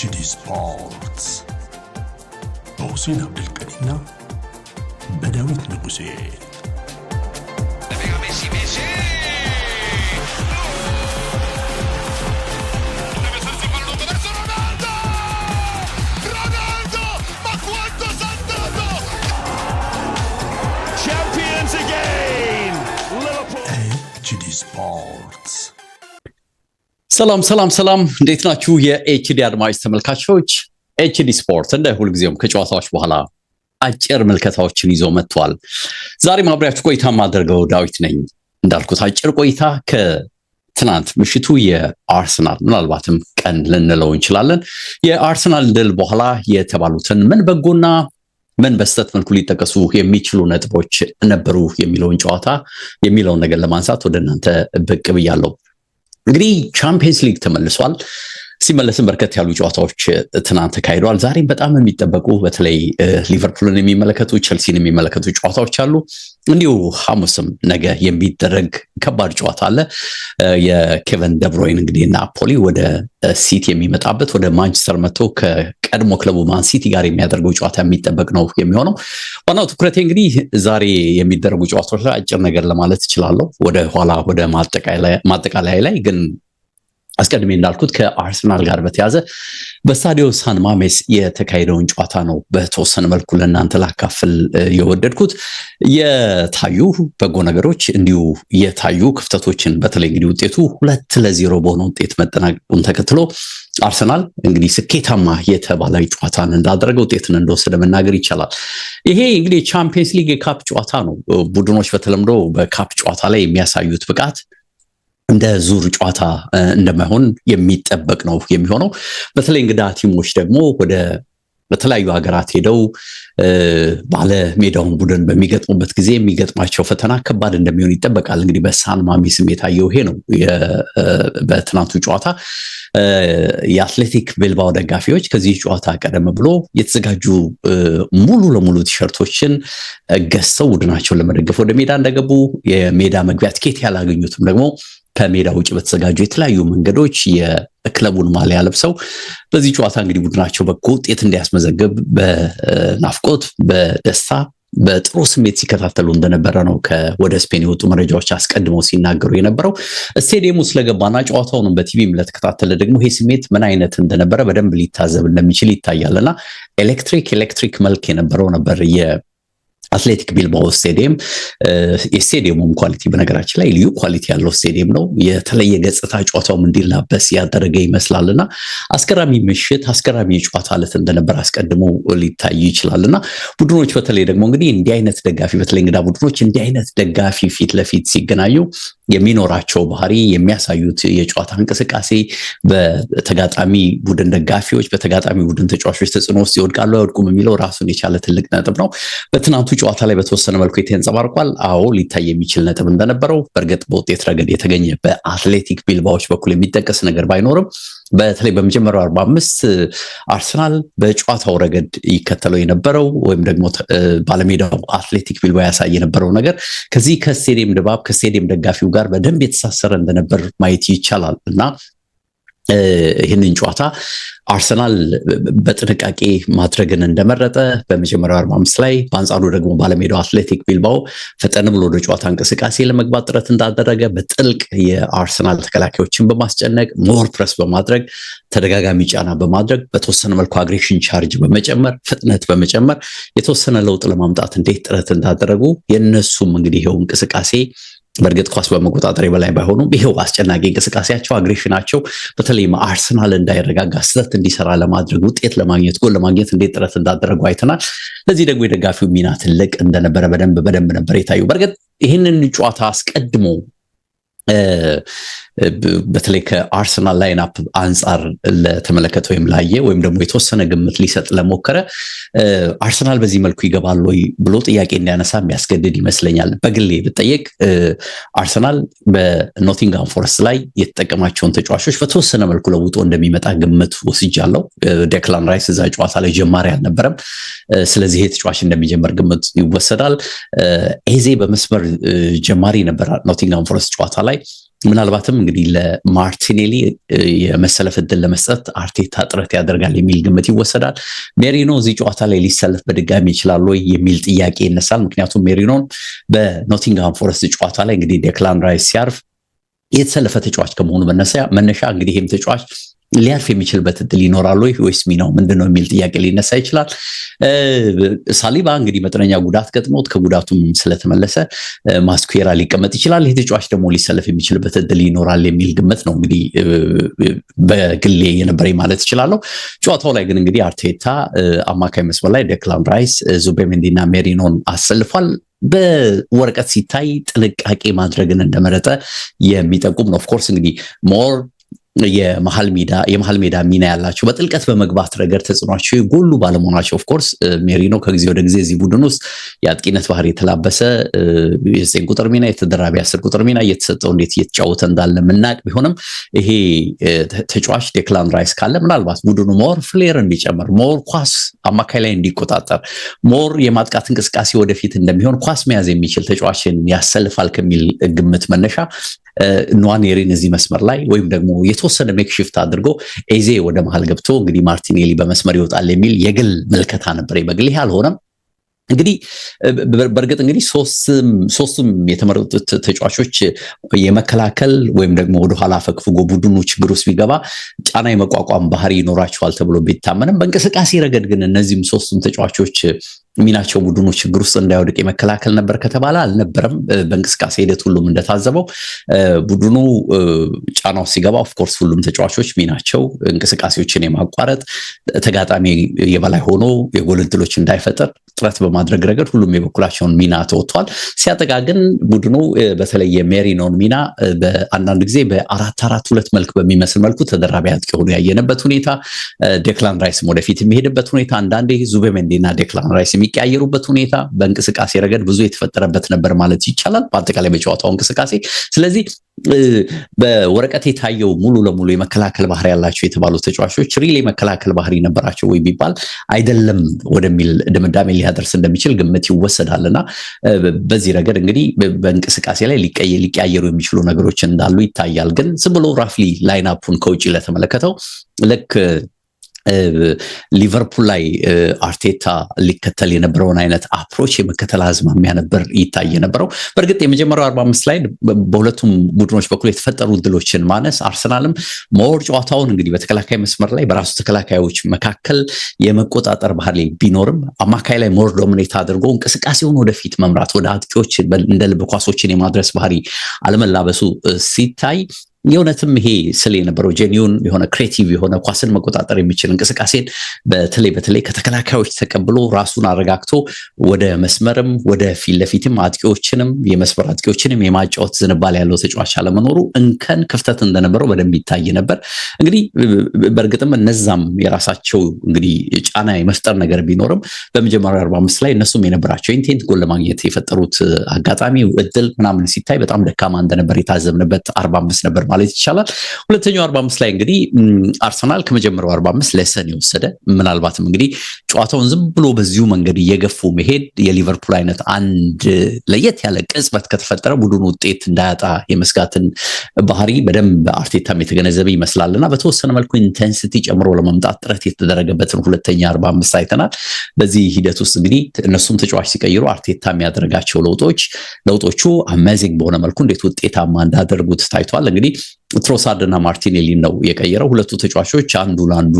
ጂዲ ስፖርትስ በሁሴን አብደልቀዲና በዳዊት ንጉሴ ሰላም ሰላም ሰላም፣ እንዴት ናችሁ የኤችዲ አድማጭ ተመልካቾች? ኤችዲ ስፖርት እንደ ሁልጊዜውም ከጨዋታዎች በኋላ አጭር ምልከታዎችን ይዞ መጥቷል። ዛሬ ማብሪያችሁ ቆይታ የማደርገው ዳዊት ነኝ። እንዳልኩት አጭር ቆይታ ከትናንት ምሽቱ የአርሰናል ምናልባትም ቀን ልንለው እንችላለን የአርሰናል ድል በኋላ የተባሉትን ምን በጎና ምን በስተት መልኩ ሊጠቀሱ የሚችሉ ነጥቦች ነበሩ የሚለውን ጨዋታ የሚለውን ነገር ለማንሳት ወደ እናንተ ብቅ ብያለሁ። እንግዲህ ቻምፒየንስ ሊግ ተመልሷል። ሲመለስም በርከት ያሉ ጨዋታዎች ትናንት ተካሂደዋል። ዛሬም በጣም የሚጠበቁ በተለይ ሊቨርፑልን የሚመለከቱ ቸልሲን የሚመለከቱ ጨዋታዎች አሉ። እንዲሁ ሐሙስም ነገ የሚደረግ ከባድ ጨዋታ አለ። የኬቨን ደብሮይን እንግዲህ ናፖሊ ወደ ሲቲ የሚመጣበት ወደ ማንቸስተር መጥቶ ከቀድሞ ክለቡ ማን ሲቲ ጋር የሚያደርገው ጨዋታ የሚጠበቅ ነው የሚሆነው። ዋናው ትኩረቴ እንግዲህ ዛሬ የሚደረጉ ጨዋታዎች ላይ አጭር ነገር ለማለት እችላለሁ። ወደ ኋላ ወደ ማጠቃለያ ላይ ግን አስቀድሜ እንዳልኩት ከአርሰናል ጋር በተያዘ በስታዲዮ ሳን ማሜስ የተካሄደውን ጨዋታ ነው በተወሰነ መልኩ ለእናንተ ላካፍል የወደድኩት። የታዩ በጎ ነገሮች እንዲሁ የታዩ ክፍተቶችን በተለይ እንግዲህ ውጤቱ ሁለት ለዜሮ በሆነ ውጤት መጠናቀቁን ተከትሎ አርሰናል እንግዲህ ስኬታማ የተባለ ጨዋታን እንዳደረገ ውጤትን እንደወሰደ መናገር ይቻላል። ይሄ እንግዲህ የቻምፒየንስ ሊግ የካፕ ጨዋታ ነው። ቡድኖች በተለምዶ በካፕ ጨዋታ ላይ የሚያሳዩት ብቃት እንደ ዙር ጨዋታ እንደማይሆን የሚጠበቅ ነው የሚሆነው። በተለይ እንግዳ ቲሞች ደግሞ ወደ በተለያዩ ሀገራት ሄደው ባለ ሜዳውን ቡድን በሚገጥሙበት ጊዜ የሚገጥማቸው ፈተና ከባድ እንደሚሆን ይጠበቃል። እንግዲህ በሳን ማሜስም የታየው ይሄ ነው። በትናንቱ ጨዋታ የአትሌቲክ ቤልባው ደጋፊዎች ከዚህ ጨዋታ ቀደም ብሎ የተዘጋጁ ሙሉ ለሙሉ ቲሸርቶችን ገዝተው ቡድናቸውን ለመደገፍ ወደ ሜዳ እንደገቡ የሜዳ መግቢያ ትኬት ያላገኙትም ደግሞ ከሜዳ ውጭ በተዘጋጁ የተለያዩ መንገዶች የክለቡን ማሊያ ለብሰው በዚህ ጨዋታ እንግዲህ ቡድናቸው በጎ ውጤት እንዲያስመዘግብ በናፍቆት በደስታ በጥሩ ስሜት ሲከታተሉ እንደነበረ ነው ወደ ስፔን የወጡ መረጃዎች አስቀድመው ሲናገሩ የነበረው። ስቴዲየሙ ስለገባና ጨዋታውንም በቲቪም ለተከታተለ ደግሞ ይሄ ስሜት ምን አይነት እንደነበረ በደንብ ሊታዘብ እንደሚችል ይታያልና ኤሌክትሪክ ኤሌክትሪክ መልክ የነበረው ነበር አትሌቲክ ቢልባኦ ስቴዲየም የስቴዲየሙም ኳሊቲ በነገራችን ላይ ልዩ ኳሊቲ ያለው ስቴዲየም ነው። የተለየ ገጽታ ጨዋታውም እንዲላበስ ያደረገ ይመስላልና አስገራሚ ምሽት፣ አስገራሚ ጨዋታ ዕለት እንደነበር አስቀድሞ ሊታይ ይችላልና ቡድኖች በተለይ ደግሞ እንግዲህ እንዲህ አይነት ደጋፊ በተለይ እንግዳ ቡድኖች እንዲህ አይነት ደጋፊ ፊት ለፊት ሲገናኙ የሚኖራቸው ባህሪ የሚያሳዩት የጨዋታ እንቅስቃሴ በተጋጣሚ ቡድን ደጋፊዎች፣ በተጋጣሚ ቡድን ተጫዋቾች ተጽዕኖ ውስጥ ይወድቃሉ አይወድቁም የሚለው ራሱን የቻለ ትልቅ ነጥብ ነው። በትናንቱ ጨዋታ ላይ በተወሰነ መልኩ የተንጸባርቋል። አዎ ሊታይ የሚችል ነጥብ እንደነበረው በእርግጥ በውጤት ረገድ የተገኘ በአትሌቲክ ቢልባዎች በኩል የሚጠቀስ ነገር ባይኖርም በተለይ በመጀመሪያው 45 አርሰናል በጨዋታው ረገድ ይከተለው የነበረው ወይም ደግሞ ባለሜዳው አትሌቲክ ቢልባ ያሳይ የነበረው ነገር ከዚህ ከስቴዲየም ድባብ ከስቴዲየም ደጋፊው ጋር በደንብ የተሳሰረ እንደነበር ማየት ይቻላል እና ይህንን ጨዋታ አርሰናል በጥንቃቄ ማድረግን እንደመረጠ በመጀመሪያው አርባ አምስት ላይ በአንጻሩ ደግሞ ባለሜዳው አትሌቲክ ቢልባው ፈጠን ብሎ ወደ ጨዋታ እንቅስቃሴ ለመግባት ጥረት እንዳደረገ በጥልቅ የአርሰናል ተከላካዮችን በማስጨነቅ ሞር ፕረስ በማድረግ ተደጋጋሚ ጫና በማድረግ በተወሰነ መልኩ አግሬሽን ቻርጅ በመጨመር ፍጥነት በመጨመር የተወሰነ ለውጥ ለማምጣት እንዴት ጥረት እንዳደረጉ የእነሱም እንግዲህ ይኸው እንቅስቃሴ በእርግጥ ኳስ በመቆጣጠር በላይ ባይሆኑም ይሄው አስጨናቂ እንቅስቃሴያቸው አግሬሽናቸው በተለይም አርሰናል እንዳይረጋጋ ስህተት እንዲሰራ ለማድረግ ውጤት ለማግኘት ጎል ለማግኘት እንዴት ጥረት እንዳደረጉ አይተናል። ለዚህ ደግሞ የደጋፊው ሚና ትልቅ እንደነበረ በደንብ በደንብ ነበር የታዩ። በእርግጥ ይህንን ጨዋታ አስቀድሞ በተለይ ከአርሰናል ላይንፕ አንጻር ለተመለከተ ወይም ላየ ወይም ደግሞ የተወሰነ ግምት ሊሰጥ ለሞከረ አርሰናል በዚህ መልኩ ይገባል ወይ ብሎ ጥያቄ እንዲያነሳ የሚያስገድድ ይመስለኛል። በግሌ ብጠየቅ አርሰናል በኖቲንግሃም ፎረስት ላይ የተጠቀማቸውን ተጫዋቾች በተወሰነ መልኩ ለውጦ እንደሚመጣ ግምት ወስጃለሁ። ደክላን ራይስ እዛ ጨዋታ ላይ ጀማሪ አልነበረም። ስለዚህ ይሄ ተጫዋች እንደሚጀመር ግምት ይወሰዳል። ኤዜ በመስመር ጀማሪ ነበር ኖቲንግሃም ፎረስት ጨዋታ ላይ ምናልባትም እንግዲህ ለማርቲኔሊ የመሰለፍ እድል ለመስጠት አርቴታ ጥረት ያደርጋል የሚል ግምት ይወሰዳል። ሜሪኖ እዚህ ጨዋታ ላይ ሊሰለፍ በድጋሚ ይችላል ወይ የሚል ጥያቄ ይነሳል። ምክንያቱም ሜሪኖን በኖቲንግሃም ፎረስት ጨዋታ ላይ እንግዲህ ዴክላን ራይስ ሲያርፍ የተሰለፈ ተጫዋች ከመሆኑ መነሻ እንግዲህ ይህም ተጫዋች ሊያልፍ የሚችልበት እድል ይኖራል ወይስ ሚ ነው ምንድን ነው የሚል ጥያቄ ሊነሳ ይችላል። ሳሊባ እንግዲህ መጠነኛ ጉዳት ገጥሞት ከጉዳቱም ስለተመለሰ ማስኩዌራ ሊቀመጥ ይችላል። ይህ ተጫዋች ደግሞ ሊሰለፍ የሚችልበት እድል ይኖራል የሚል ግምት ነው እንግዲህ በግሌ የነበረኝ ማለት እችላለሁ። ጨዋታው ላይ ግን እንግዲህ አርቴታ አማካይ መስመር ላይ ደክላን ራይስ፣ ዙቤሜንዲና ሜሪኖን አሰልፏል። በወረቀት ሲታይ ጥንቃቄ ማድረግን እንደመረጠ የሚጠቁም ነው። ኦፍኮርስ እንግዲህ ሞር የመሀል ሜዳ ሚና ያላቸው በጥልቀት በመግባት ረገድ ተጽዕኗቸው የጎሉ ባለመሆናቸው ኦፍኮርስ ሜሪኖ ከጊዜ ወደ ጊዜ እዚህ ቡድን ውስጥ የአጥቂነት ባህር የተላበሰ የዘጠኝ ቁጥር ሚና የተደራቢ አስር ቁጥር ሚና እየተሰጠው እንዴት እየተጫወተ እንዳለ ምናቅ ቢሆንም ይሄ ተጫዋች ዴክላን ራይስ ካለ ምናልባት ቡድኑ ሞር ፍሌር እንዲጨምር ሞር ኳስ አማካይ ላይ እንዲቆጣጠር ሞር የማጥቃት እንቅስቃሴ ወደፊት እንደሚሆን ኳስ መያዝ የሚችል ተጫዋችን ያሰልፋል ከሚል ግምት መነሻ ኗኔሪን እዚህ መስመር ላይ ወይም ደግሞ የተወሰነ ሜክሽፍት አድርጎ ኤዜ ወደ መሀል ገብቶ እንግዲህ ማርቲኔሊ በመስመር ይወጣል የሚል የግል ምልከታ ነበር። በግል ይህ አልሆነም። እንግዲህ በእርግጥ እንግዲህ ሶስቱም የተመረጡት ተጫዋቾች የመከላከል ወይም ደግሞ ወደኋላ ፈግፍጎ ቡድኑ ችግር ውስጥ ቢገባ ጫና የመቋቋም ባህሪ ይኖራቸዋል ተብሎ ቢታመንም በእንቅስቃሴ ረገድ ግን እነዚህም ሶስቱም ተጫዋቾች ሚናቸው ቡድኑ ችግር ውስጥ እንዳይወድቅ የመከላከል ነበር ከተባለ አልነበረም። በእንቅስቃሴ ሂደት ሁሉም እንደታዘበው ቡድኑ ጫናው ሲገባ ኦፍኮርስ ሁሉም ተጫዋቾች ሚናቸው እንቅስቃሴዎችን የማቋረጥ ተጋጣሚ የበላይ ሆኖ የጎል እድሎች እንዳይፈጠር ጥረት በማድረግ ረገድ ሁሉም የበኩላቸውን ሚና ተወጥቷል። ሲያጠቃ ግን ቡድኑ በተለይ የሜሪኖን ሚና በአንዳንድ ጊዜ በአራት አራት ሁለት መልክ በሚመስል መልኩ ተደራቢ አጥቂ ሆኖ ያየንበት ሁኔታ፣ ዴክላን ራይስም ወደፊት የሚሄድበት ሁኔታ አንዳንዴ ዙቤሜንዲና ዴክላን ራይስ የሚቀያየሩበት ሁኔታ በእንቅስቃሴ ረገድ ብዙ የተፈጠረበት ነበር ማለት ይቻላል፣ በአጠቃላይ በጨዋታው እንቅስቃሴ። ስለዚህ በወረቀት የታየው ሙሉ ለሙሉ የመከላከል ባህሪ ያላቸው የተባሉ ተጫዋቾች ሪል የመከላከል ባህሪ ነበራቸው ወይ ቢባል አይደለም ወደሚል ድምዳሜ ሊያደርስ እንደሚችል ግምት ይወሰዳል እና በዚህ ረገድ እንግዲህ በእንቅስቃሴ ላይ ሊቀያየሩ የሚችሉ ነገሮች እንዳሉ ይታያል። ግን ዝም ብሎ ራፍሊ ላይናፑን ከውጭ ለተመለከተው ልክ ሊቨርፑል ላይ አርቴታ ሊከተል የነበረውን አይነት አፕሮች የመከተል አዝማሚያ ነበር ይታይ የነበረው። በእርግጥ የመጀመሪያው አርባአምስት ላይ በሁለቱም ቡድኖች በኩል የተፈጠሩ ድሎችን ማነስ አርሰናልም መወር ጨዋታውን እንግዲህ በተከላካይ መስመር ላይ በራሱ ተከላካዮች መካከል የመቆጣጠር ባህል ቢኖርም አማካይ ላይ ሞር ዶሚኔት አድርጎ እንቅስቃሴውን ወደፊት መምራት ወደ አጥቂዎች እንደ ልብ ኳሶችን የማድረስ ባህሪ አለመላበሱ ሲታይ የእውነትም ይሄ ስል የነበረው ጄኒውን የሆነ ክሬቲቭ የሆነ ኳስን መቆጣጠር የሚችል እንቅስቃሴን በተለይ በተለይ ከተከላካዮች ተቀብሎ ራሱን አረጋግቶ ወደ መስመርም ወደ ፊት ለፊትም አጥቂዎችንም የመስመር አጥቂዎችንም የማጫወት ዝንባል ያለው ተጫዋች አለመኖሩ እንከን ክፍተት እንደነበረው በደንብ ይታይ ነበር። እንግዲህ በእርግጥም እነዛም የራሳቸው እንግዲህ ጫና የመፍጠር ነገር ቢኖርም በመጀመሪያ አርባ አምስት ላይ እነሱም የነበራቸው ኢንቴንት ጎል ለማግኘት የፈጠሩት አጋጣሚ እድል ምናምን ሲታይ በጣም ደካማ እንደነበር የታዘብንበት አርባ አምስት ነበር። ማለት ይቻላል። ሁለተኛው አርባ አምስት ላይ እንግዲህ አርሰናል ከመጀመሪያው አርባ አምስት ለሰን የወሰደ ምናልባትም እንግዲህ ጨዋታውን ዝም ብሎ በዚሁ መንገድ እየገፉ መሄድ የሊቨርፑል አይነት አንድ ለየት ያለ ቅጽበት ከተፈጠረ ቡድኑ ውጤት እንዳያጣ የመስጋትን ባህሪ በደንብ አርቴታም የተገነዘበ ይመስላል እና በተወሰነ መልኩ ኢንቴንሲቲ ጨምሮ ለመምጣት ጥረት የተደረገበትን ሁለተኛ አርባ አምስት አይተናል። በዚህ ሂደት ውስጥ እንግዲህ እነሱም ተጫዋች ሲቀይሩ አርቴታ የሚያደርጋቸው ለውጦች ለውጦቹ አሜዚንግ በሆነ መልኩ እንዴት ውጤታማ እንዳደርጉት ታይቷል። እንግዲህ ትሮሳርድ እና ማርቲኔሊን ነው የቀየረው። ሁለቱ ተጫዋቾች አንዱ ለአንዱ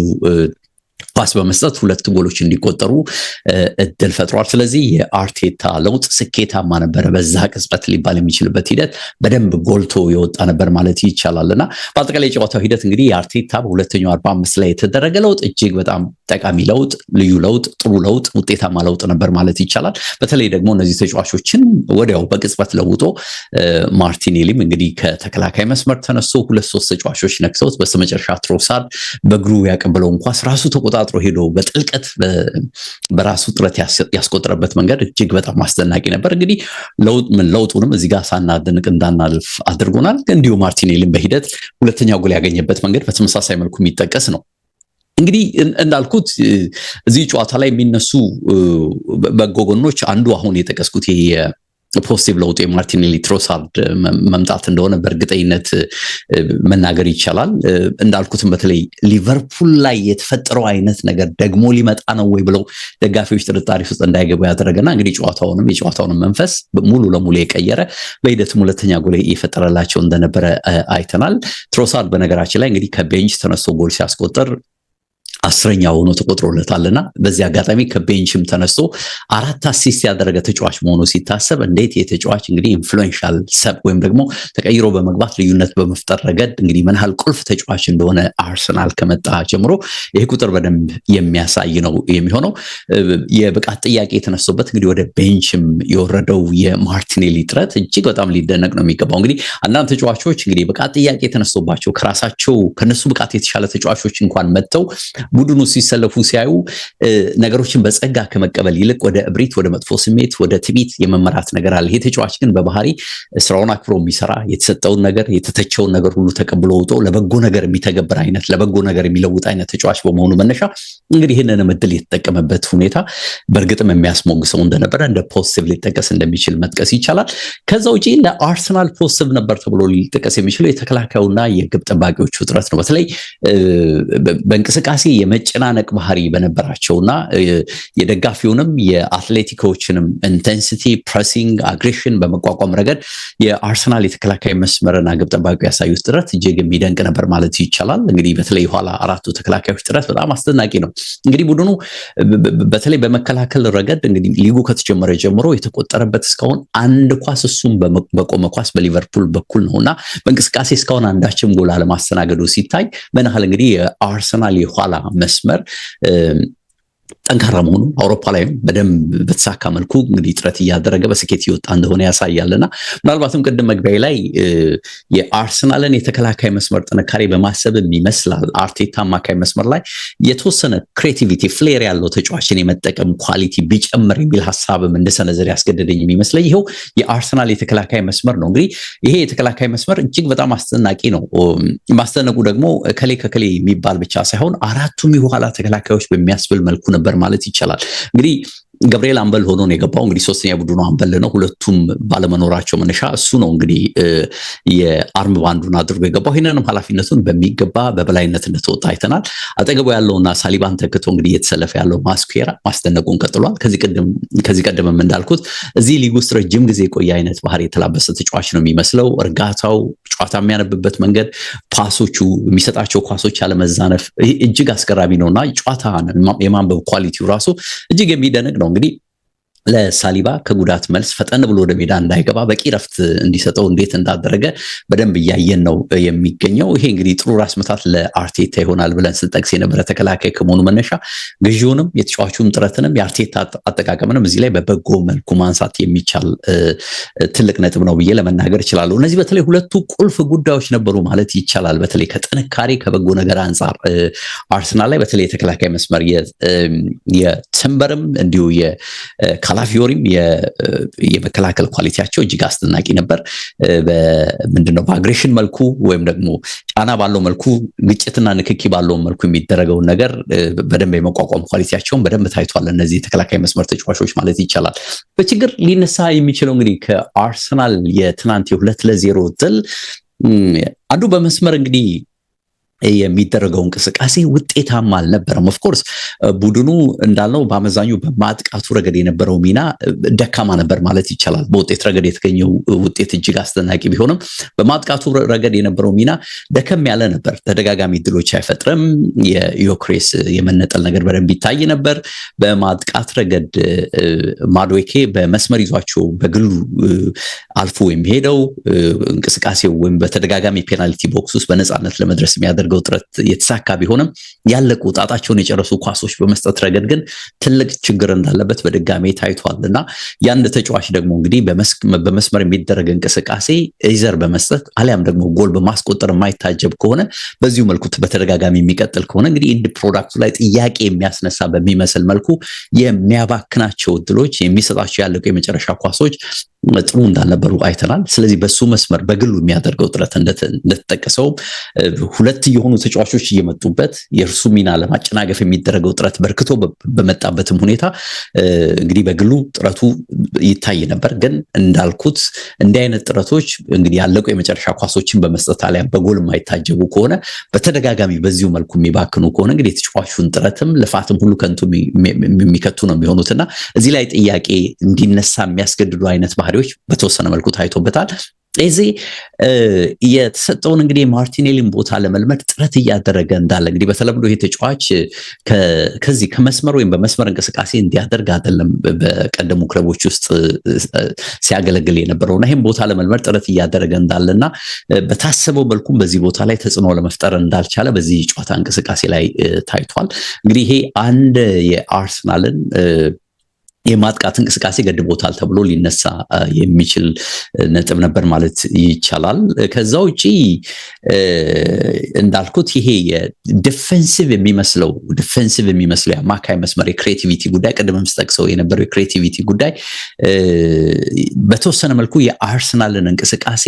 ኳስ በመስጠት ሁለት ጎሎች እንዲቆጠሩ እድል ፈጥሯል። ስለዚህ የአርቴታ ለውጥ ስኬታማ ነበረ፣ በዛ ቅጽበት ሊባል የሚችልበት ሂደት በደንብ ጎልቶ የወጣ ነበር ማለት ይቻላል እና በአጠቃላይ የጨዋታው ሂደት እንግዲህ የአርቴታ በሁለተኛው አርባ አምስት ላይ የተደረገ ለውጥ እጅግ በጣም ጠቃሚ ለውጥ፣ ልዩ ለውጥ፣ ጥሩ ለውጥ፣ ውጤታማ ለውጥ ነበር ማለት ይቻላል። በተለይ ደግሞ እነዚህ ተጫዋቾችን ወዲያው በቅጽበት ለውጦ ማርቲኔሊም እንግዲህ ከተከላካይ መስመር ተነስቶ ሁለት ሶስት ተጫዋቾች ነክሰውት በስተመጨረሻ ትሮሳድ በእግሩ ያቀበለውን ኳስ ራሱ ተቆጣ ተቆጣጥሮ ሄዶ በጥልቀት በራሱ ጥረት ያስቆጠረበት መንገድ እጅግ በጣም አስደናቂ ነበር። እንግዲህ ለውጡንም እዚህ ጋር ሳናደንቅ እንዳናልፍ አድርጎናል። እንዲሁ ማርቲኔሊን በሂደት ሁለተኛ ጎል ያገኘበት መንገድ በተመሳሳይ መልኩ የሚጠቀስ ነው። እንግዲህ እንዳልኩት እዚህ ጨዋታ ላይ የሚነሱ በጎ ጎኖች አንዱ አሁን የጠቀስኩት ይሄ ፖስቲቭ ለውጡ የማርቲኔሊ ትሮሳርድ መምጣት እንደሆነ በእርግጠኝነት መናገር ይቻላል። እንዳልኩትም በተለይ ሊቨርፑል ላይ የተፈጠረው አይነት ነገር ደግሞ ሊመጣ ነው ወይ ብለው ደጋፊዎች ጥርጣሬ ውስጥ እንዳይገቡ ያደረገና እንግዲህ ጨዋታውንም የጨዋታውንም መንፈስ ሙሉ ለሙሉ የቀየረ በሂደትም ሁለተኛ ጎል የፈጠረላቸው እንደነበረ አይተናል። ትሮሳርድ በነገራችን ላይ እንግዲህ ከቤንች ተነስቶ ጎል ሲያስቆጥር አስረኛ ሆኖ ተቆጥሮለታልና በዚህ አጋጣሚ ከቤንችም ተነስቶ አራት አሲስት ያደረገ ተጫዋች መሆኑ ሲታሰብ እንዴት የተጫዋች እንግዲህ ኢንፍሉዌንሻል ሰብ ወይም ደግሞ ተቀይሮ በመግባት ልዩነት በመፍጠር ረገድ እንግዲህ ምን ያህል ቁልፍ ተጫዋች እንደሆነ አርሰናል ከመጣ ጀምሮ ይህ ቁጥር በደንብ የሚያሳይ ነው የሚሆነው። የብቃት ጥያቄ የተነሶበት እንግዲህ ወደ ቤንችም የወረደው የማርቲኔሊ ጥረት እጅግ በጣም ሊደነቅ ነው የሚገባው። እንግዲህ አንዳንድ ተጫዋቾች እንግዲህ ብቃት ጥያቄ የተነሶባቸው ከራሳቸው ከነሱ ብቃት የተሻለ ተጫዋቾች እንኳን መጥተው ቡድኑ ሲሰለፉ ሲያዩ ነገሮችን በጸጋ ከመቀበል ይልቅ ወደ እብሪት፣ ወደ መጥፎ ስሜት፣ ወደ ትቢት የመመራት ነገር አለ። ይሄ ተጫዋች ግን በባህሪ ስራውን አክብሮ የሚሰራ የተሰጠውን ነገር የተተቸውን ነገር ሁሉ ተቀብሎ ውጦ ለበጎ ነገር የሚተገብር አይነት ለበጎ ነገር የሚለውጥ አይነት ተጫዋች በመሆኑ መነሻ እንግዲህ ይህንን ምድል የተጠቀመበት ሁኔታ በእርግጥም የሚያስሞግሰው እንደነበረ እንደ ፖስቲቭ ሊጠቀስ እንደሚችል መጥቀስ ይቻላል። ከዛ ውጪ ለአርሰናል ፖስቲቭ ነበር ተብሎ ሊጠቀስ የሚችለው የተከላካዩና የግብ ጠባቂዎቹ ውጥረት ነው። በተለይ በእንቅስቃሴ የመጨናነቅ ባህሪ በነበራቸውና የደጋፊውንም የአትሌቲኮችንም ኢንቴንሲቲ፣ ፕሬሲንግ፣ አግሬሽን በመቋቋም ረገድ የአርሰናል የተከላካይ መስመርና ግብ ጠባቂ ያሳዩት ጥረት እጅግ የሚደንቅ ነበር ማለት ይቻላል። እንግዲህ በተለይ የኋላ አራቱ ተከላካዮች ጥረት በጣም አስደናቂ ነው። እንግዲህ ቡድኑ በተለይ በመከላከል ረገድ እንግዲህ ሊጉ ከተጀመረ ጀምሮ የተቆጠረበት እስካሁን አንድ ኳስ እሱም በቆመ ኳስ በሊቨርፑል በኩል ነው እና በእንቅስቃሴ እስካሁን አንዳችም ጎል አለማስተናገዱ ሲታይ በናህል እንግዲህ የአርሰናል የኋላ መስመር ጠንካራ መሆኑ አውሮፓ ላይ በደንብ በተሳካ መልኩ እንግዲህ ጥረት እያደረገ በስኬት እየወጣ እንደሆነ ያሳያልና ምናልባትም ቅድም መግቢያ ላይ የአርሰናልን የተከላካይ መስመር ጥንካሬ በማሰብም ይመስላል አርቴታ አማካይ መስመር ላይ የተወሰነ ክሬቲቪቲ ፍሌር ያለው ተጫዋችን የመጠቀም ኳሊቲ ቢጨምር የሚል ሀሳብም እንደሰነዘር ያስገደደኝ የሚመስለኝ ይኸው የአርሰናል የተከላካይ መስመር ነው። እንግዲህ ይሄ የተከላካይ መስመር እጅግ በጣም አስደናቂ ነው። ማስደነቁ ደግሞ ከሌ ከከሌ የሚባል ብቻ ሳይሆን አራቱም የኋላ ተከላካዮች በሚያስብል መልኩ ነበር ማለት ይቻላል። እንግዲህ ገብርኤል አምበል ሆኖ ነው የገባው። እንግዲህ ሶስተኛ ቡድኑ አምበል ነው። ሁለቱም ባለመኖራቸው መነሻ እሱ ነው እንግዲህ የአርም ባንዱን አድርጎ የገባው። ይህንንም ኃላፊነቱን በሚገባ በበላይነት እንደተወጣ አይተናል። አጠገቡ ያለውና ሳሊባን ተክቶ እንግዲህ እየተሰለፈ ያለው ማስኩራ ማስደነቁን ቀጥሏል። ከዚህ ቀደምም እንዳልኩት እዚህ ሊግ ውስጥ ረጅም ጊዜ የቆየ አይነት ባህሪ የተላበሰ ተጫዋች ነው የሚመስለው። እርጋታው፣ ጨዋታ የሚያነብበት መንገድ፣ ፓሶቹ፣ የሚሰጣቸው ኳሶች ያለመዛነፍ እጅግ አስገራሚ ነውና ጨዋታ የማንበብ ኳሊቲው ራሱ እጅግ የሚደነቅ ነው። gris ለሳሊባ ከጉዳት መልስ ፈጠን ብሎ ወደ ሜዳ እንዳይገባ በቂ ረፍት እንዲሰጠው እንዴት እንዳደረገ በደንብ እያየን ነው የሚገኘው። ይሄ እንግዲህ ጥሩ ራስ ምታት ለአርቴታ ይሆናል ብለን ስንጠቅስ የነበረ ተከላካይ ከመሆኑ መነሻ ግዢውንም የተጫዋቹም ጥረትንም የአርቴታ አጠቃቀምንም እዚህ ላይ በበጎ መልኩ ማንሳት የሚቻል ትልቅ ነጥብ ነው ብዬ ለመናገር እችላለሁ። እነዚህ በተለይ ሁለቱ ቁልፍ ጉዳዮች ነበሩ ማለት ይቻላል። በተለይ ከጥንካሬ ከበጎ ነገር አንጻር አርሰናል ላይ በተለይ የተከላካይ መስመር የትንበርም እንዲሁ ካላፊዮሪም የመከላከል ኳሊቲያቸው እጅግ አስደናቂ ነበር። ምንድነው በአግሬሽን መልኩ ወይም ደግሞ ጫና ባለው መልኩ ግጭትና ንክኪ ባለው መልኩ የሚደረገውን ነገር በደንብ የመቋቋም ኳሊቲያቸውን በደንብ ታይቷል። እነዚህ የተከላካይ መስመር ተጫዋቾች ማለት ይቻላል። በችግር ሊነሳ የሚችለው እንግዲህ ከአርሰናል የትናንት የሁለት ለዜሮ ድል አንዱ በመስመር እንግዲህ የሚደረገው እንቅስቃሴ ውጤታማ አልነበረም። ኦፍኮርስ ቡድኑ እንዳልነው በአመዛኙ በማጥቃቱ ረገድ የነበረው ሚና ደካማ ነበር ማለት ይቻላል። በውጤት ረገድ የተገኘው ውጤት እጅግ አስደናቂ ቢሆንም በማጥቃቱ ረገድ የነበረው ሚና ደከም ያለ ነበር። ተደጋጋሚ ድሎች አይፈጥርም። የዮክሬስ የመነጠል ነገር በደንብ ይታይ ነበር። በማጥቃት ረገድ ማዶኬ በመስመር ይዟቸው በግሉ አልፎ የሚሄደው እንቅስቃሴው ወይም በተደጋጋሚ ፔናልቲ ቦክስ ውስጥ በነፃነት ለመድረስ የሚያደርገው የተደረገው ጥረት የተሳካ ቢሆንም ያለቁ ጣጣቸውን የጨረሱ ኳሶች በመስጠት ረገድ ግን ትልቅ ችግር እንዳለበት በድጋሜ ታይቷል እና ያንድ ተጫዋች ደግሞ እንግዲህ በመስመር የሚደረግ እንቅስቃሴ ዘር በመስጠት አሊያም ደግሞ ጎል በማስቆጠር የማይታጀብ ከሆነ በዚሁ መልኩ በተደጋጋሚ የሚቀጥል ከሆነ እንግዲህ ኢንድ ፕሮዳክቱ ላይ ጥያቄ የሚያስነሳ በሚመስል መልኩ የሚያባክናቸው እድሎች የሚሰጣቸው ያለቁ የመጨረሻ ኳሶች ጥሩ እንዳልነበሩ አይተናል። ስለዚህ በሱ መስመር በግሉ የሚያደርገው ጥረት እንደተጠቀሰው ሁለት የሆኑ ተጫዋቾች እየመጡበት የእርሱ ሚና ለማጨናገፍ የሚደረገው ጥረት በርክቶ በመጣበትም ሁኔታ እንግዲህ በግሉ ጥረቱ ይታይ ነበር። ግን እንዳልኩት እንዲህ አይነት ጥረቶች እንግዲህ ያለቁ የመጨረሻ ኳሶችን በመስጠት አሊያም በጎል የማይታጀቡ ከሆነ በተደጋጋሚ በዚሁ መልኩ የሚባክኑ ከሆነ እንግዲህ የተጫዋቹን ጥረትም ልፋትም ሁሉ ከንቱ የሚከቱ ነው የሚሆኑትና እዚህ ላይ ጥያቄ እንዲነሳ የሚያስገድዱ አይነት ባህሪዎች በተወሰነ መልኩ ታይቶበታል። ስለዚህ የተሰጠውን እንግዲህ ማርቲኔሊን ቦታ ለመልመድ ጥረት እያደረገ እንዳለ እንግዲህ በተለምዶ ይህ ተጫዋች ከዚህ ከመስመር ወይም በመስመር እንቅስቃሴ እንዲያደርግ አይደለም በቀደሙ ክለቦች ውስጥ ሲያገለግል የነበረው እና ይህም ቦታ ለመልመድ ጥረት እያደረገ እና በታሰበው መልኩም በዚህ ቦታ ላይ ተጽዕኖ ለመፍጠር እንዳልቻለ በዚህ ጨዋታ እንቅስቃሴ ላይ ታይቷል። እንግዲህ ይሄ አንድ የአርሰናልን የማጥቃት እንቅስቃሴ ገድቦታል ተብሎ ሊነሳ የሚችል ነጥብ ነበር ማለት ይቻላል። ከዛ ውጪ እንዳልኩት ይሄ ዲፌንሲቭ የሚመስለው ዲፌንሲቭ የሚመስለው የአማካይ መስመር የክሬቲቪቲ ጉዳይ ቅድምም ስጠቅሰው የነበረው የክሬቲቪቲ ጉዳይ በተወሰነ መልኩ የአርሰናልን እንቅስቃሴ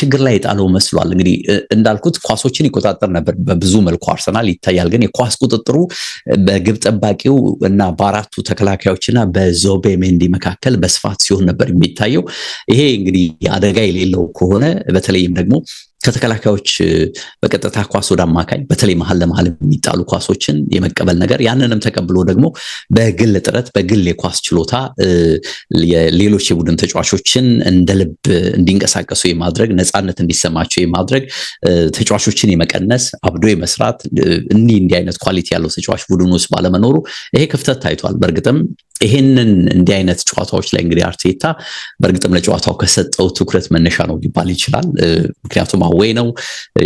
ችግር ላይ የጣለው መስሏል። እንግዲህ እንዳልኩት ኳሶችን ይቆጣጠር ነበር በብዙ መልኩ አርሰናል ይታያል። ግን የኳስ ቁጥጥሩ በግብ ጠባቂው እና በአራቱ ተከላካዮችና በዞቤ ሜንዲ መካከል በስፋት ሲሆን ነበር የሚታየው። ይሄ እንግዲህ አደጋ የሌለው ከሆነ በተለይም ደግሞ ከተከላካዮች በቀጥታ ኳስ ወደ አማካኝ በተለይ መሀል ለመሀል የሚጣሉ ኳሶችን የመቀበል ነገር ያንንም ተቀብሎ ደግሞ በግል ጥረት በግል የኳስ ችሎታ ሌሎች የቡድን ተጫዋቾችን እንደ ልብ እንዲንቀሳቀሱ የማድረግ ነፃነት እንዲሰማቸው የማድረግ ተጫዋቾችን የመቀነስ አብዶ የመስራት እንዲህ እንዲህ አይነት ኳሊቲ ያለው ተጫዋች ቡድን ውስጥ ባለመኖሩ ይሄ ክፍተት ታይቷል። በእርግጥም ይህንን እንዲህ አይነት ጨዋታዎች ላይ እንግዲህ አርቴታ በእርግጥም ለጨዋታው ከሰጠው ትኩረት መነሻ ነው ሊባል ይችላል። ምክንያቱም አዌይ ነው፣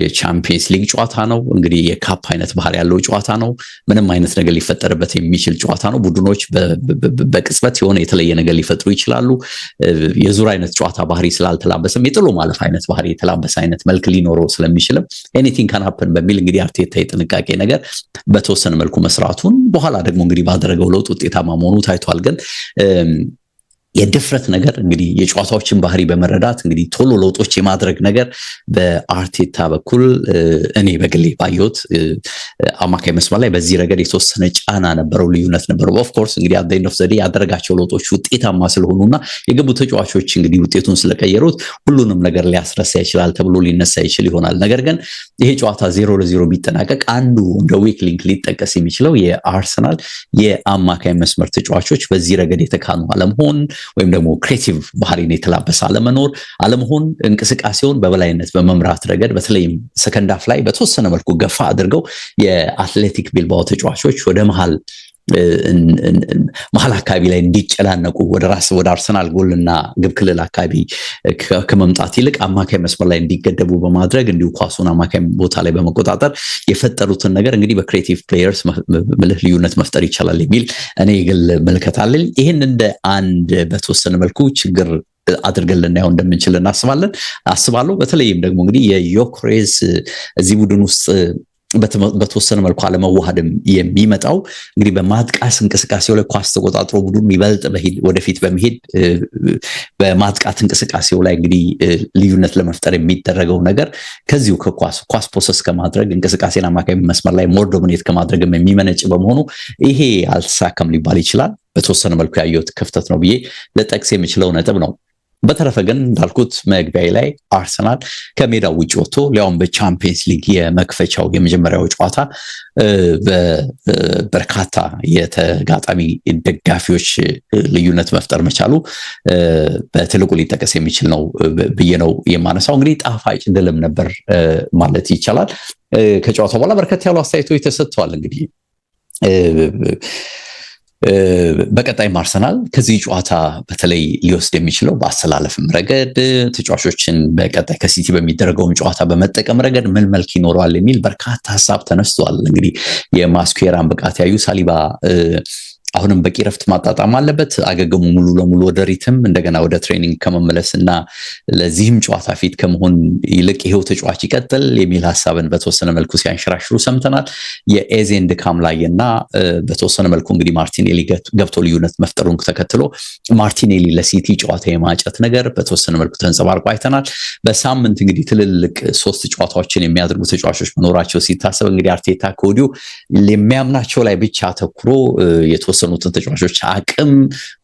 የቻምፒየንስ ሊግ ጨዋታ ነው፣ እንግዲህ የካፕ አይነት ባህሪ ያለው ጨዋታ ነው። ምንም አይነት ነገር ሊፈጠርበት የሚችል ጨዋታ ነው። ቡድኖች በቅጽበት የሆነ የተለየ ነገር ሊፈጥሩ ይችላሉ። የዙር አይነት ጨዋታ ባህሪ ስላልተላበሰም የጥሎ ማለፍ አይነት ባህሪ የተላበሰ አይነት መልክ ሊኖረው ስለሚችልም ኤኒቲንግ ካናፕን በሚል እንግዲህ አርቴታ የጥንቃቄ ነገር በተወሰነ መልኩ መስራቱን በኋላ ደግሞ እንግዲህ ባደረገው ለውጥ ውጤታማ መሆኑ ታይቶ ተለያይቷል። ግን የድፍረት ነገር እንግዲህ የጨዋታዎችን ባህሪ በመረዳት እንግዲህ ቶሎ ለውጦች የማድረግ ነገር በአርቴታ በኩል እኔ በግሌ ባየሁት አማካይ መስመር ላይ በዚህ ረገድ የተወሰነ ጫና ነበረው፣ ልዩነት ነበረው። ኦፍኮርስ እንግዲህ አደይን ኦፍ ዘዴ ያደረጋቸው ለውጦች ውጤታማ ስለሆኑ እና የገቡ ተጫዋቾች እንግዲህ ውጤቱን ስለቀየሩት ሁሉንም ነገር ሊያስረሳ ይችላል ተብሎ ሊነሳ ይችል ይሆናል። ነገር ግን ይሄ ጨዋታ ዜሮ ለዜሮ ቢጠናቀቅ አንዱ እንደ ዊክ ሊንክ ሊጠቀስ የሚችለው የአርሰናል የአማካይ መስመር ተጫዋቾች በዚህ ረገድ የተካኑ አለመሆን ወይም ደግሞ ክሬቲቭ ባህሪን የተላበሰ አለመኖር አለመሆን እንቅስቃሴውን በበላይነት በመምራት ረገድ በተለይም ሰከንድ ላይ በተወሰነ መልኩ ገፋ አድርገው የአትሌቲክ ቢልባኦ ተጫዋቾች ወደ መሃል መሀል አካባቢ ላይ እንዲጨናነቁ ወደ ራስ ወደ አርሰናል ጎልና ግብ ክልል አካባቢ ከመምጣት ይልቅ አማካይ መስመር ላይ እንዲገደቡ በማድረግ እንዲሁ ኳሱን አማካይ ቦታ ላይ በመቆጣጠር የፈጠሩትን ነገር እንግዲህ በክሬቲቭ ፕሌየርስ ምልህ ልዩነት መፍጠር ይቻላል የሚል እኔ የግል ምልከታ አለኝ። ይህን እንደ አንድ በተወሰነ መልኩ ችግር አድርገን ልናየው እንደምንችል እናስባለን አስባለሁ። በተለይም ደግሞ እንግዲህ የዮክሬዝ እዚህ ቡድን ውስጥ በተወሰነ መልኩ አለመዋሃድም የሚመጣው እንግዲህ በማጥቃት እንቅስቃሴው ላይ ኳስ ተቆጣጥሮ ቡድኑ ይበልጥ ወደፊት በመሄድ በማጥቃት እንቅስቃሴው ላይ እንግዲህ ልዩነት ለመፍጠር የሚደረገው ነገር ከዚሁ ከኳስ ኳስ ፖሰስ ከማድረግ እንቅስቃሴን አማካኝ መስመር ላይ ሞር ዶሚኔት ከማድረግም የሚመነጭ በመሆኑ ይሄ አልተሳካም ሊባል ይችላል። በተወሰነ መልኩ ያየሁት ክፍተት ነው ብዬ ለጠቅስ የምችለው ነጥብ ነው። በተረፈ ግን እንዳልኩት መግቢያ ላይ አርሰናል ከሜዳው ውጭ ወጥቶ ሊያውም በቻምፒየንስ ሊግ የመክፈቻው የመጀመሪያው ጨዋታ በርካታ የተጋጣሚ ደጋፊዎች ልዩነት መፍጠር መቻሉ በትልቁ ሊጠቀስ የሚችል ነው ብዬ ነው የማነሳው። እንግዲህ ጣፋጭ ድልም ነበር ማለት ይቻላል። ከጨዋታው በኋላ በርከት ያሉ አስተያየቶች ተሰጥተዋል። እንግዲህ በቀጣይ አርሰናል ከዚህ ጨዋታ በተለይ ሊወስድ የሚችለው በአሰላለፍም ረገድ ተጫዋቾችን በቀጣይ ከሲቲ በሚደረገውም ጨዋታ በመጠቀም ረገድ ምን መልክ ይኖረዋል የሚል በርካታ ሀሳብ ተነስተዋል። እንግዲህ የማስኩዌራን ብቃት ያዩ ሳሊባ አሁንም በቂ ረፍት ማጣጣም አለበት። አገግሙ ሙሉ ለሙሉ ወደ ሪትም እንደገና ወደ ትሬኒንግ ከመመለስ እና ለዚህም ጨዋታ ፊት ከመሆን ይልቅ ይሄው ተጫዋች ይቀጥል የሚል ሀሳብን በተወሰነ መልኩ ሲያንሸራሽሩ ሰምተናል። የኤዜን ድካም ላይ እና በተወሰነ መልኩ እንግዲህ ማርቲኔሊ ገብቶ ልዩነት መፍጠሩን ተከትሎ ማርቲኔሊ ለሲቲ ጨዋታ የማጨት ነገር በተወሰነ መልኩ ተንጸባርቆ አይተናል። በሳምንት እንግዲህ ትልልቅ ሶስት ጨዋታዎችን የሚያደርጉ ተጫዋቾች መኖራቸው ሲታሰብ እንግዲህ አርቴታ ከወዲሁ የሚያምናቸው ላይ ብቻ አተኩሮ የተወሰ የተወሰኑትን ተጫዋቾች አቅም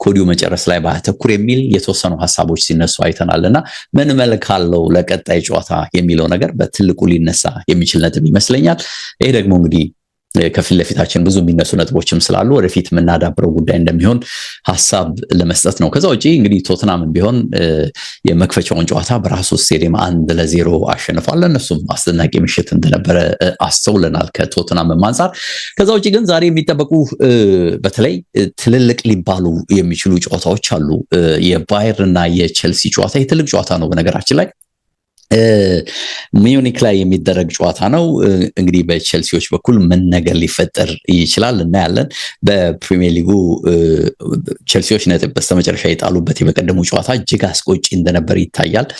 ኮዲው መጨረስ ላይ ባተኩር የሚል የተወሰኑ ሀሳቦች ሲነሱ አይተናል እና ምን መልክ አለው ለቀጣይ ጨዋታ የሚለው ነገር በትልቁ ሊነሳ የሚችል ነጥብ ይመስለኛል። ይሄ ደግሞ እንግዲህ ከፊት ለፊታችን ብዙ የሚነሱ ነጥቦችም ስላሉ ወደፊት የምናዳብረው ጉዳይ እንደሚሆን ሀሳብ ለመስጠት ነው። ከዛ ውጭ እንግዲህ ቶትናምን ቢሆን የመክፈቻውን ጨዋታ በራሱ ስቴዲየም አንድ ለዜሮ አሸንፏል። ለእነሱም አስደናቂ ምሽት እንደነበረ አስተውለናል ከቶትናምም አንጻር። ከዛ ውጭ ግን ዛሬ የሚጠበቁ በተለይ ትልልቅ ሊባሉ የሚችሉ ጨዋታዎች አሉ። የባየር እና የቼልሲ ጨዋታ የትልቅ ጨዋታ ነው በነገራችን ላይ ሚዩኒክ ላይ የሚደረግ ጨዋታ ነው። እንግዲህ በቼልሲዎች በኩል ምን ነገር ሊፈጠር ይችላል እናያለን። በፕሪሚየር ሊጉ ቼልሲዎች ነጥብ በስተመጨረሻ የጣሉበት የበቀደሙ ጨዋታ እጅግ አስቆጪ እንደነበር ይታያል።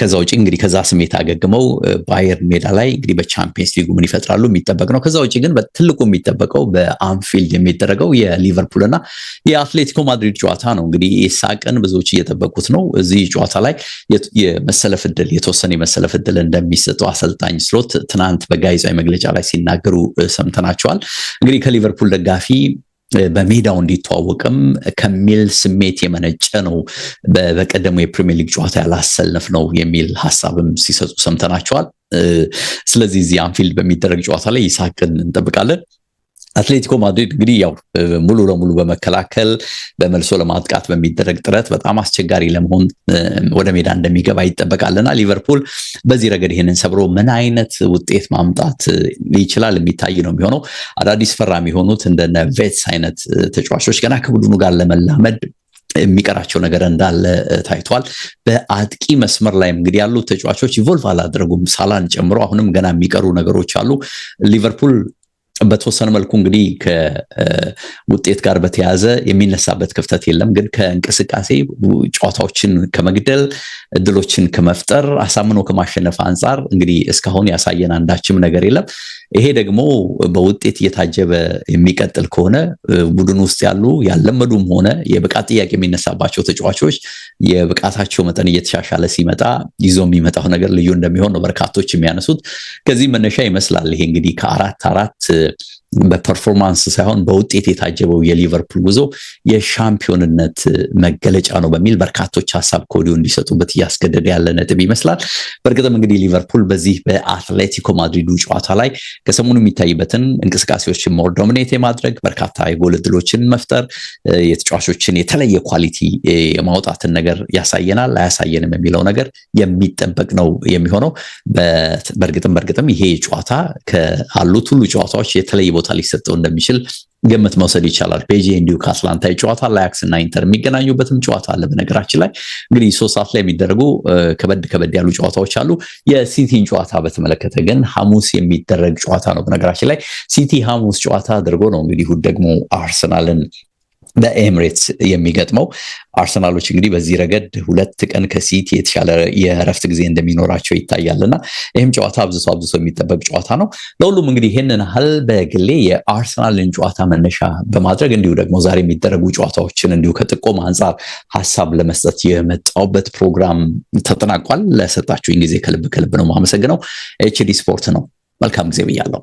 ከዛ ውጭ እንግዲህ ከዛ ስሜት አገግመው ባየር ሜዳ ላይ እንግዲህ በቻምፒየንስ ሊጉ ምን ይፈጥራሉ የሚጠበቅ ነው። ከዛ ውጭ ግን ትልቁ የሚጠበቀው በአንፊልድ የሚደረገው የሊቨርፑል እና የአትሌቲኮ ማድሪድ ጨዋታ ነው። እንግዲህ ኢሳቅን ብዙዎች እየጠበቁት ነው። እዚህ ጨዋታ ላይ የመሰለፍ ፍድል የተወሰነ የመሰለፍ ዕድል እንደሚሰጠው አሰልጣኝ ስሎት ትናንት በጋዜጣዊ መግለጫ ላይ ሲናገሩ ሰምተናቸዋል። እንግዲህ ከሊቨርፑል ደጋፊ በሜዳው እንዲተዋወቅም ከሚል ስሜት የመነጨ ነው። በቀደሙ የፕሪሚየር ሊግ ጨዋታ ያላሰለፍ ነው የሚል ሀሳብም ሲሰጡ ሰምተናቸዋል። ስለዚህ እዚህ አንፊልድ በሚደረግ ጨዋታ ላይ ይሳቅን እንጠብቃለን። አትሌቲኮ ማድሪድ እንግዲህ ያው ሙሉ ለሙሉ በመከላከል በመልሶ ለማጥቃት በሚደረግ ጥረት በጣም አስቸጋሪ ለመሆን ወደ ሜዳ እንደሚገባ ይጠበቃልና ሊቨርፑል በዚህ ረገድ ይህንን ሰብሮ ምን አይነት ውጤት ማምጣት ይችላል የሚታይ ነው የሚሆነው። አዳዲስ ፈራሚ የሆኑት እንደነ ቬትስ አይነት ተጫዋቾች ገና ከቡድኑ ጋር ለመላመድ የሚቀራቸው ነገር እንዳለ ታይቷል። በአጥቂ መስመር ላይም እንግዲህ ያሉት ተጫዋቾች ኢቮልቭ አላደረጉም፣ ሳላን ጨምሮ አሁንም ገና የሚቀሩ ነገሮች አሉ። ሊቨርፑል በተወሰነ መልኩ እንግዲህ ከውጤት ጋር በተያያዘ የሚነሳበት ክፍተት የለም። ግን ከእንቅስቃሴ ጨዋታዎችን ከመግደል እድሎችን ከመፍጠር አሳምኖ ከማሸነፍ አንጻር እንግዲህ እስካሁን ያሳየን አንዳችም ነገር የለም። ይሄ ደግሞ በውጤት እየታጀበ የሚቀጥል ከሆነ ቡድን ውስጥ ያሉ ያለመዱም ሆነ የብቃት ጥያቄ የሚነሳባቸው ተጫዋቾች የብቃታቸው መጠን እየተሻሻለ ሲመጣ ይዞ የሚመጣው ነገር ልዩ እንደሚሆን ነው በርካቶች የሚያነሱት። ከዚህ መነሻ ይመስላል ይሄ እንግዲህ ከአራት አራት በፐርፎርማንስ ሳይሆን በውጤት የታጀበው የሊቨርፑል ጉዞ የሻምፒዮንነት መገለጫ ነው በሚል በርካቶች ሀሳብ ከወዲሁ እንዲሰጡበት እያስገደደ ያለ ነጥብ ይመስላል። በእርግጥም እንግዲህ ሊቨርፑል በዚህ በአትሌቲኮ ማድሪዱ ጨዋታ ላይ ከሰሞኑ የሚታይበትን እንቅስቃሴዎችን ሞር ዶሚኔት የማድረግ በርካታ የጎል እድሎችን መፍጠር፣ የተጫዋቾችን የተለየ ኳሊቲ የማውጣትን ነገር ያሳየናል አያሳየንም የሚለው ነገር የሚጠበቅ ነው የሚሆነው። በእርግጥም በእርግጥም ይሄ ጨዋታ ከአሉት ሁሉ ጨዋታዎች የተለየ ቦታ ሊሰጠው እንደሚችል ግምት መውሰድ ይቻላል። ፔጂ እንዲሁ ከአትላንታ ጨዋታ ላያክስ እና ኢንተር የሚገናኙበትም ጨዋታ አለ። በነገራችን ላይ እንግዲህ ሶስት ሰዓት ላይ የሚደረጉ ከበድ ከበድ ያሉ ጨዋታዎች አሉ። የሲቲን ጨዋታ በተመለከተ ግን ሐሙስ የሚደረግ ጨዋታ ነው። በነገራችን ላይ ሲቲ ሐሙስ ጨዋታ አድርጎ ነው እንግዲህ ደግሞ አርሰናልን በኤምሬትስ የሚገጥመው አርሰናሎች እንግዲህ በዚህ ረገድ ሁለት ቀን ከሲቲ የተሻለ የእረፍት ጊዜ እንደሚኖራቸው ይታያል ይህም ጨዋታ አብዝቶ አብዝቶ የሚጠበቅ ጨዋታ ነው። ለሁሉም እንግዲህ ይህንን ህል በግሌ የአርሰናልን ጨዋታ መነሻ በማድረግ እንዲሁ ደግሞ ዛሬ የሚደረጉ ጨዋታዎችን እንዲሁ ከጥቆም አንጻር ሀሳብ ለመስጠት የመጣውበት ፕሮግራም ተጠናቋል። ለሰጣችሁኝ ጊዜ ከልብ ከልብ ነው ማመሰግነው። ኤችዲ ስፖርት ነው። መልካም ጊዜ ብያለሁ።